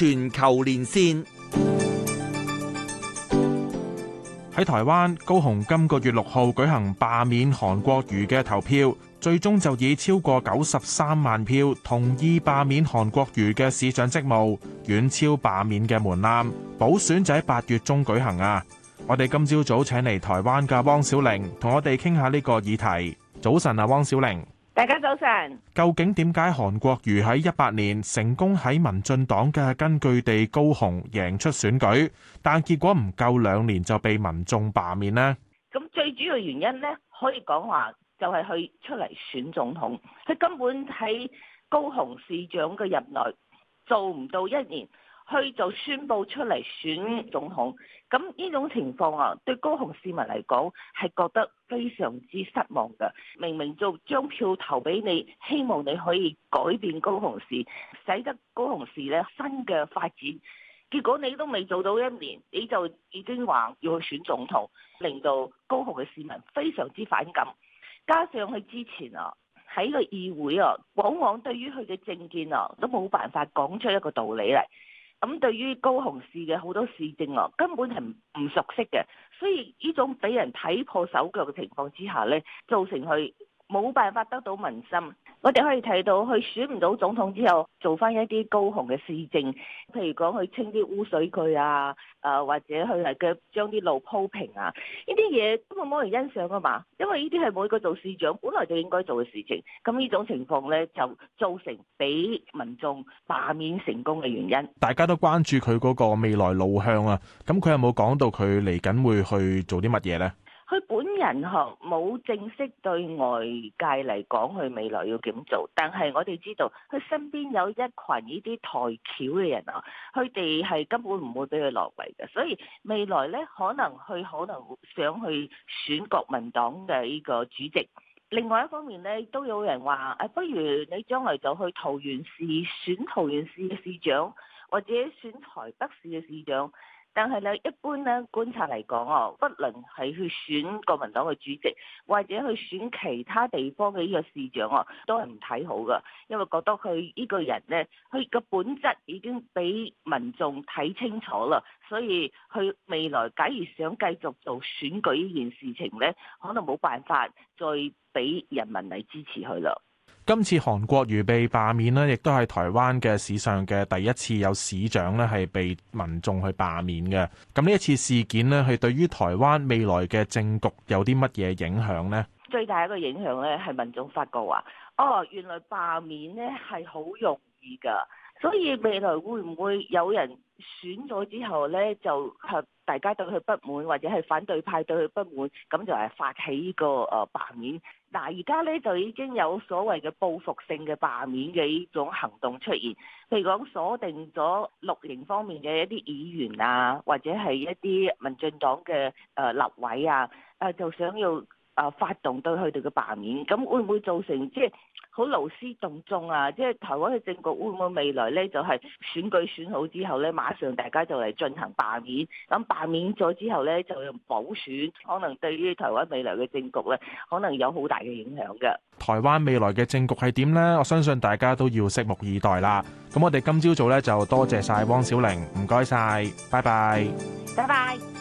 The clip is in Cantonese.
全球連線喺台灣，高雄今個月六號舉行罷免韓國瑜嘅投票，最終就以超過九十三萬票同意罷免韓國瑜嘅市長職務，遠超罷免嘅門檻。補選就喺八月中舉行啊。我哋今朝早早請嚟台灣嘅汪小玲同我哋傾下呢個議題。早晨啊，汪小玲。大家早晨。究竟點解韓國瑜喺一八年成功喺民進黨嘅根據地高雄贏出選舉，但結果唔夠兩年就被民眾罷免呢？咁最主要原因呢，可以講話就係佢出嚟選總統，佢根本喺高雄市長嘅任內做唔到一年。佢就宣布出嚟選總統，咁呢種情況啊，對高雄市民嚟講係覺得非常之失望嘅。明明就將票投俾你，希望你可以改變高雄市，使得高雄市咧新嘅發展，結果你都未做到一年，你就已經話要去選總統，令到高雄嘅市民非常之反感。加上佢之前啊喺個議會啊，往往對於佢嘅政見啊都冇辦法講出一個道理嚟。咁對於高雄市嘅好多市政啊，根本係唔熟悉嘅，所以呢種俾人睇破手腳嘅情況之下咧，造成佢，冇辦法得到民心，我哋可以睇到佢選唔到總統之後，做翻一啲高雄嘅市政，譬如講去清啲污水渠啊，誒或者去係嘅將啲路鋪平啊，呢啲嘢根本冇人欣賞啊嘛，因為呢啲係每個做市長本來就應該做嘅事情，咁呢種情況呢就造成俾民眾罷免成功嘅原因。大家都關注佢嗰個未來路向啊，咁佢有冇講到佢嚟緊會去做啲乜嘢呢？人行冇正式對外界嚟講，佢未來要點做？但係我哋知道，佢身邊有一群呢啲抬轎嘅人啊，佢哋係根本唔會俾佢落嚟嘅。所以未來呢，可能佢可能想去選國民黨嘅呢個主席。另外一方面呢，都有人話：誒、啊，不如你將來就去桃園市選桃園市嘅市長，或者選台北市嘅市長。但係咧，一般咧觀察嚟講，哦，不論係去選國民黨嘅主席，或者去選其他地方嘅呢個市長，都係唔睇好㗎，因為覺得佢呢個人咧，佢個本質已經俾民眾睇清楚啦，所以佢未來假如想繼續做選舉呢件事情咧，可能冇辦法再俾人民嚟支持佢啦。今次韓國瑜被罷免呢，亦都係台灣嘅史上嘅第一次有市長呢係被民眾去罷免嘅。咁呢一次事件呢，係對於台灣未來嘅政局有啲乜嘢影響呢？最大一個影響呢係民眾發覺話，哦，原來罷免呢係好容易噶，所以未來會唔會有人選咗之後呢，就係，大家對佢不滿，或者係反對派對佢不滿，咁就係發起個誒罷免。嗱，而家咧就已經有所謂嘅報復性嘅罷免嘅一種行動出現，譬如講鎖定咗綠營方面嘅一啲議員啊，或者係一啲民進黨嘅誒立委啊，誒就想要。啊！發動對佢哋嘅罷免，咁會唔會造成即係好勞師動眾啊？即係台灣嘅政局會唔會未來呢就係選舉選好之後呢，馬上大家就嚟進行罷免，咁罷免咗之後呢就用補選，可能對於台灣未來嘅政局呢，可能有好大嘅影響㗎。台灣未來嘅政局係點呢？我相信大家都要拭目以待啦。咁我哋今朝早呢就多謝晒汪小玲，唔該晒，拜拜，拜拜。